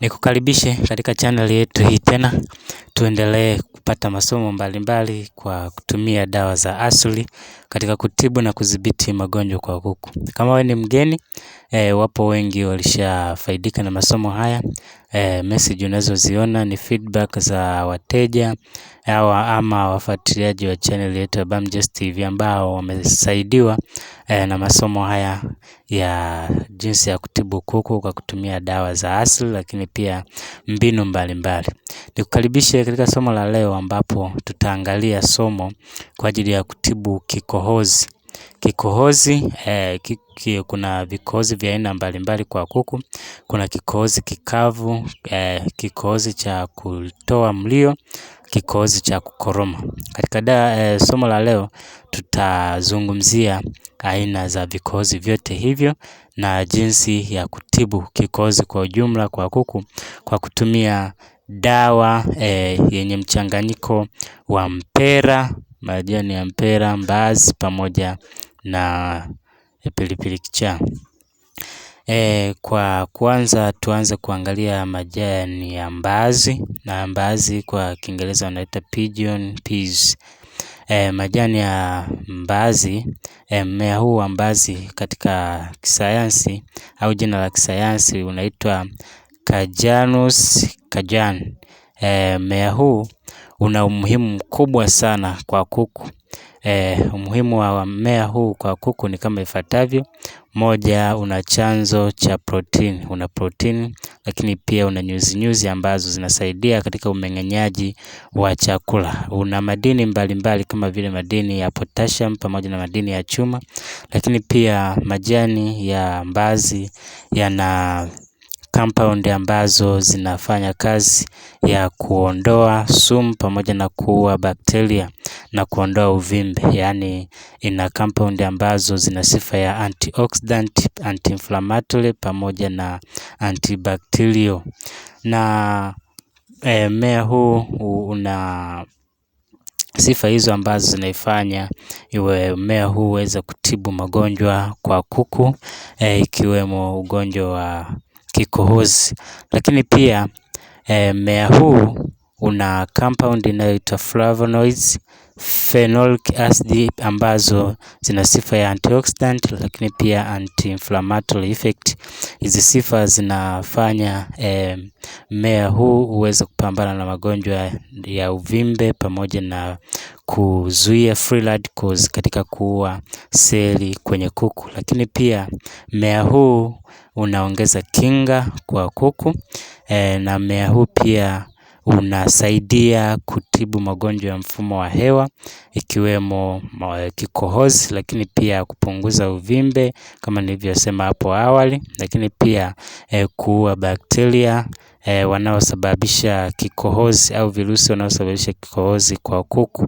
Nikukaribishe katika channel yetu hii tena Tuendelee kupata masomo mbalimbali kwa kutumia dawa za asili katika kutibu na kudhibiti magonjwa kwa kuku. Kama wewe ni mgeni, eh, wapo wengi walishafaidika na masomo haya. Eh, message unazoziona ni feedback za wateja ama wafuatiliaji wa channel yetu ya Bamjess TV ambao wamesaidiwa eh, na masomo haya ya jinsi ya kutibu kuku kwa kutumia dawa za asili lakini pia mbinu mbalimbali. Nikukaribishe katika somo la leo ambapo tutaangalia somo kwa ajili ya kutibu kikohozi. Kikohozi eh, kiki, kuna vikohozi vya aina mbalimbali kwa kuku. Kuna kikohozi kikavu eh, kikohozi cha kutoa mlio, kikohozi cha kukoroma. Katika da, eh, somo la leo tutazungumzia aina za vikohozi vyote hivyo na jinsi ya kutibu kikohozi kwa ujumla kwa kuku kwa kutumia dawa eh, yenye mchanganyiko wa mpera, majani ya mpera, mbaazi pamoja na eh, pilipili kichaa. Eh, kwa kwanza tuanze kuangalia majani ya mbaazi na mbaazi kwa Kiingereza wanaita pigeon peas. E, majani ya mbaazi e, mmea huu wa mbaazi katika kisayansi au jina la kisayansi unaitwa Kajanus Kajan. Mmea eh, huu una umuhimu mkubwa sana kwa kuku. Eh, umuhimu wa mmea huu kwa kuku ni kama ifuatavyo. Moja una chanzo cha protein. Una protein lakini pia una nyuzinyuzi ambazo zinasaidia katika umeng'enyaji wa chakula. Una madini mbalimbali kama vile madini ya potassium pamoja na madini ya chuma. Lakini pia majani ya mbazi yana compound ambazo zinafanya kazi ya kuondoa sumu pamoja na kuua bakteria na kuondoa uvimbe. Yaani ina compound ambazo zina sifa ya antioxidant, anti-inflammatory pamoja na antibacterial. Na eh, mmea huu una sifa hizo ambazo zinaifanya iwe mmea huu uweze kutibu magonjwa kwa kuku eh, ikiwemo ugonjwa wa kikohozi. Lakini pia eh, mmea huu una compound inayoitwa flavonoids, phenolic acid ambazo zina sifa ya antioxidant lakini pia anti-inflammatory effect. Hizi sifa zinafanya eh, mmea huu uweze kupambana na magonjwa ya uvimbe pamoja na kuzuia free radicals katika kuua seli kwenye kuku. Lakini pia mmea huu unaongeza kinga kwa kuku e, na mmea huu pia unasaidia kutibu magonjwa ya mfumo wa hewa ikiwemo kikohozi, lakini pia kupunguza uvimbe kama nilivyosema hapo awali, lakini pia e, kuua bakteria e, eh, wanaosababisha kikohozi au virusi wanaosababisha kikohozi kwa kuku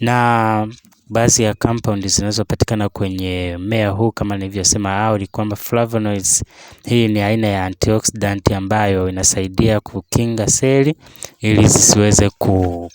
na baadhi ya compound zinazopatikana kwenye mmea huu kama nilivyosema awali kwamba flavonoids, hii ni aina ya antioxidant ambayo inasaidia kukinga seli ili zisiweze ku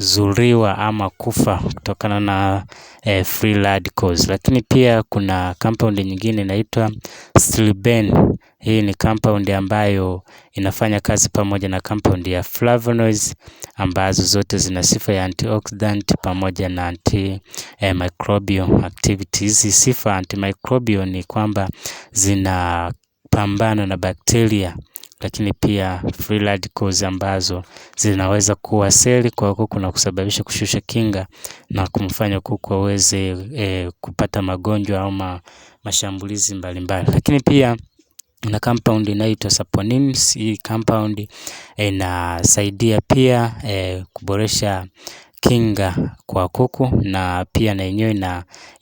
zuriwa ama kufa kutokana na eh, free radicals. Lakini pia kuna compound nyingine inaitwa Stilben. Hii ni compound ambayo inafanya kazi pamoja na compound ya flavonoids ambazo zote zina sifa ya antioxidant pamoja na antimicrobial eh, activity. Hizi sifa antimicrobial ni kwamba zinapambana na bakteria lakini pia free radicals ambazo zinaweza kuwa seli kwa kuku na kusababisha kushusha kinga na kumfanya kuku aweze e, kupata magonjwa au mashambulizi mbalimbali mbali. Lakini pia na compound inaitwa saponins. Hii compound eh, inasaidia pia e, kuboresha kinga kwa kuku na pia na yenyewe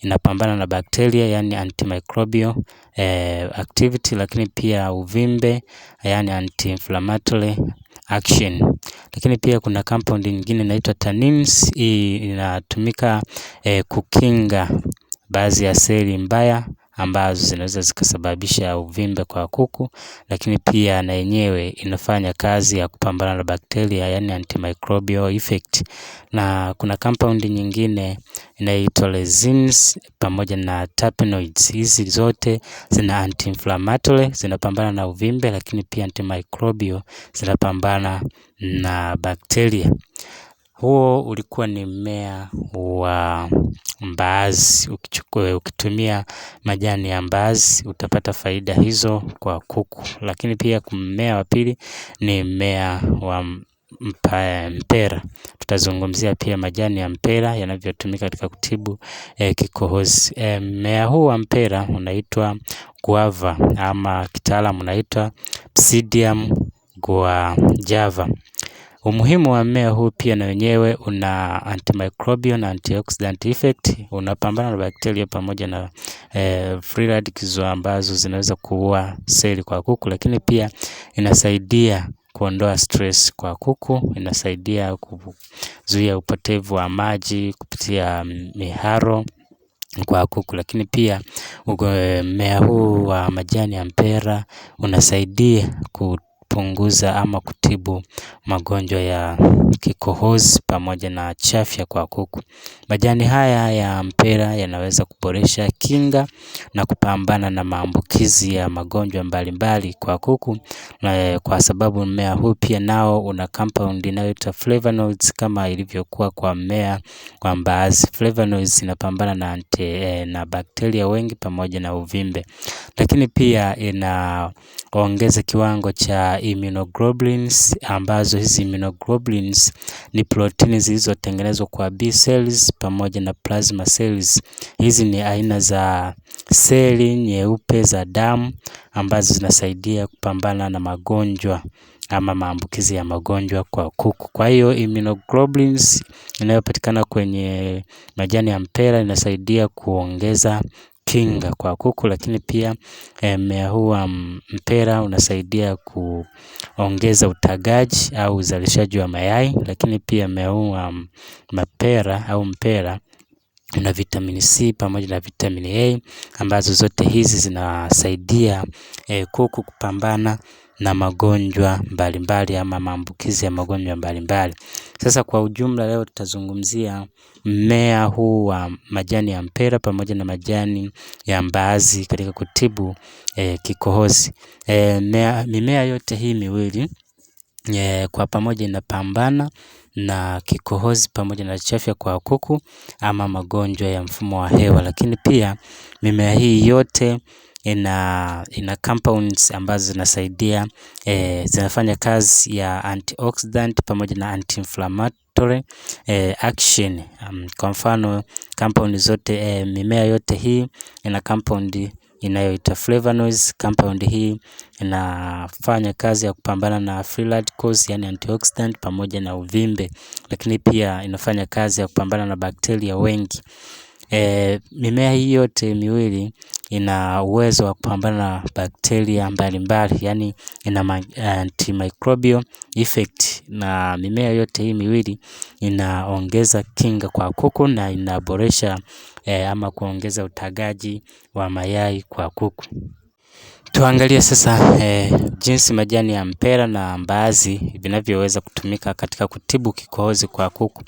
inapambana na bakteria yani antimicrobial eh, activity lakini pia uvimbe yani anti-inflammatory action. Lakini pia kuna compound nyingine inaitwa tannins inatumika eh, kukinga baadhi ya seli mbaya ambazo zinaweza zikasababisha uvimbe kwa kuku, lakini pia na yenyewe inafanya kazi ya kupambana na bakteria, yani antimicrobial effect. Na kuna compound nyingine inaitwa resins pamoja na terpenoids. Hizi zote zina anti-inflammatory, zinapambana na uvimbe, lakini pia antimicrobial zinapambana na bakteria. Huo ulikuwa ni mmea wa mbaazi, ukitumia majani ya mbaazi utapata faida hizo kwa kuku. Lakini pia mmea wa pili ni mmea wa mpera, tutazungumzia pia majani ya mpera yanavyotumika katika kutibu e, kikohozi. E, mmea huu wa mpera unaitwa guava ama kitaalamu unaitwa Psidium guajava. Umuhimu wa mmea huu pia na wenyewe una antimicrobial na antioxidant effect. Unapambana na bakteria pamoja na e, free radicals ambazo zinaweza kuua seli kwa kuku, lakini pia inasaidia kuondoa stress kwa kuku, inasaidia kuzuia upotevu wa maji kupitia mm, miharo kwa kuku, lakini pia mmea huu wa majani ya mpera unasaidia ku kupunguza ama kutibu magonjwa ya kikohozi pamoja na chafya kwa kuku. Majani haya ya mpera yanaweza kuboresha kinga na kupambana na maambukizi ya magonjwa mbalimbali kwa kuku na kwa sababu mmea huu pia nao una compound inayoitwa flavonoids kama ilivyokuwa kwa mmea wa mbaazi. Flavonoids inapambana na ante, eh, na bakteria wengi pamoja na uvimbe. Lakini pia inaongeza kiwango cha immunoglobulins ambazo hizi immunoglobulins ni protini zilizotengenezwa kwa B cells pamoja na plasma cells. Hizi ni aina za seli nyeupe za damu ambazo zinasaidia kupambana na magonjwa ama maambukizi ya magonjwa kwa kuku. Kwa hiyo immunoglobulins inayopatikana kwenye majani ya mpera inasaidia kuongeza kinga mm. kwa kuku, lakini pia eh, mmea huu wa mpera unasaidia kuongeza utagaji au uzalishaji wa mayai, lakini pia mmea huu wa mapera au mpera una vitamini C pamoja na vitamini A ambazo zote hizi zinasaidia eh, kuku kupambana na magonjwa mbalimbali ama maambukizi ya magonjwa mbalimbali. Sasa kwa ujumla leo tutazungumzia mmea huu wa majani ya mpera pamoja na majani ya mbaazi katika kutibu e, kikohozi. E, eh, mea, mimea yote hii miwili e, kwa pamoja inapambana na kikohozi pamoja na chafya kwa kuku ama magonjwa ya mfumo wa hewa, lakini pia mimea hii yote ina compounds ambazo zinasaidia e, zinafanya kazi ya antioxidant pamoja na anti-inflammatory e, action um, kwa mfano compound zote e, mimea yote hii ina compound inayoita flavonoids. Compound hii inafanya kazi ya kupambana na free radicals, yani antioxidant pamoja na uvimbe, lakini pia inafanya kazi ya kupambana na bakteria wengi. E, mimea hii yote miwili ina uwezo wa kupambana na bakteria mbalimbali, yaani ina antimicrobial effect na mimea yote hii miwili inaongeza kinga kwa kuku na inaboresha e, ama kuongeza utagaji wa mayai kwa kuku. Tuangalie sasa eh, jinsi majani ya mpera na mbaazi vinavyoweza kutumika katika kutibu kikohozi kwa kuku.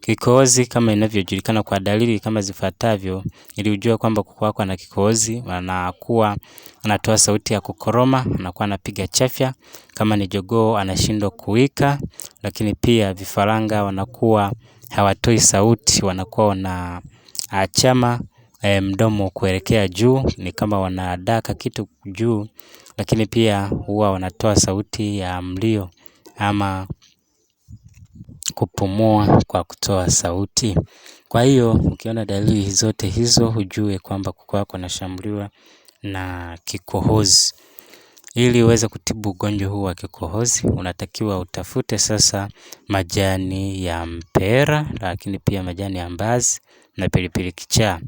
Kikohozi kama inavyojulikana kwa dalili kama zifuatavyo, ili ujue kwamba kuku wako ana kikohozi, anakuwa anatoa sauti ya kukoroma, anakuwa anapiga chafya, kama ni jogoo anashindwa kuwika, lakini pia vifaranga wanakuwa hawatoi sauti, wanakuwa achama ah, Eh, mdomo kuelekea juu ni kama wanadaka kitu juu lakini pia huwa wanatoa sauti ya mlio ama kupumua kwa kutoa sauti. Kwa hiyo ukiona dalili zote hizo hujue kwamba kuku wako anashambuliwa na kikohozi. Ili uweze kutibu ugonjwa huu wa kikohozi unatakiwa utafute sasa majani ya mpera lakini pia majani ya mbazi na pilipili kichaa.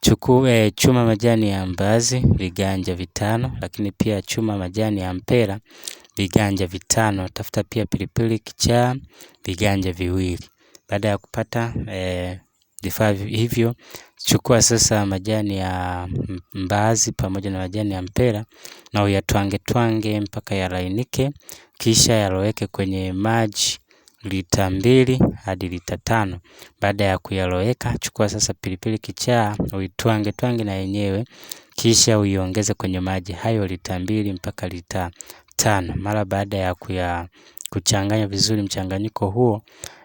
Chukue chuma majani ya mbazi viganja vitano lakini pia chuma majani ya mpera viganja vitano. Tafuta pia pilipili kichaa viganja viwili. Baada ya kupata eh, vifaa e, hivyo chukua sasa majani ya mbazi pamoja na majani ya mpera na uyatwange twange mpaka yalainike, kisha yaloweke kwenye maji lita mbili hadi lita tano. Baada ya kuyaloweka, chukua sasa pilipili kichaa, uitwange twange na yenyewe, kisha uiongeze kwenye maji hayo lita mbili mpaka lita tano. Mara baada ya kuya kuchanganya vizuri mchanganyiko huo,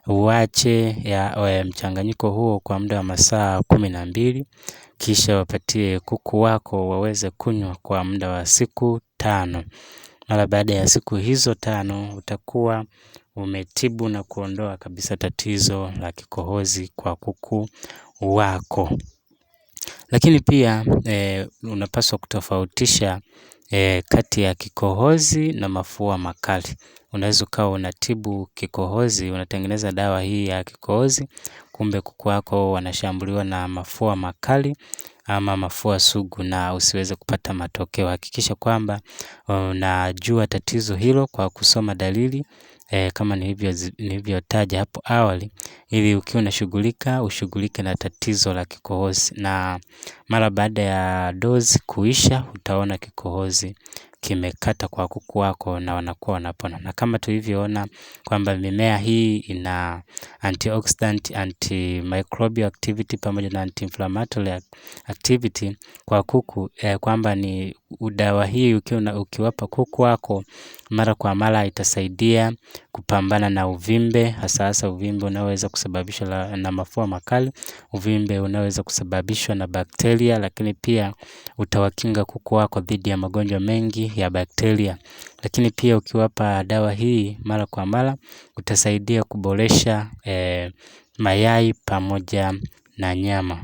uache ya mchanganyiko huo kwa muda wa masaa kumi na mbili, kisha wapatie kuku wako waweze kunywa kwa muda wa siku tano. Mara baada ya siku hizo tano utakuwa umetibu na kuondoa kabisa tatizo la kikohozi kwa kuku wako. Lakini pia e, unapaswa kutofautisha e, kati ya kikohozi na mafua makali. Unaweza ukawa unatibu kikohozi, unatengeneza dawa hii ya kikohozi, kumbe kuku wako wanashambuliwa na mafua makali ama mafua sugu na usiweze kupata matokeo. Hakikisha kwamba unajua tatizo hilo kwa kusoma dalili Eh, kama nilivyotaja hapo awali ili ukiwa unashughulika ushughulike na tatizo la kikohozi na mara baada ya dozi kuisha utaona kikohozi kimekata kwa kuku wako na wanakuwa wanapona. Na kama tulivyoona kwamba mimea hii ina antioxidant, antimicrobial activity pamoja na anti-inflammatory activity kwa kuku eh, kwamba ni dawa hii ukiwa ukiwapa kuku wako mara kwa mara itasaidia kupambana na uvimbe, hasa hasa uvimbe unaoweza kusababishwa na mafua makali, uvimbe unaoweza kusababishwa na bakteria, lakini pia utawakinga kuku wako dhidi ya magonjwa mengi ya bakteria. Lakini pia ukiwapa dawa hii mara kwa mara utasaidia kuboresha eh, mayai pamoja na nyama.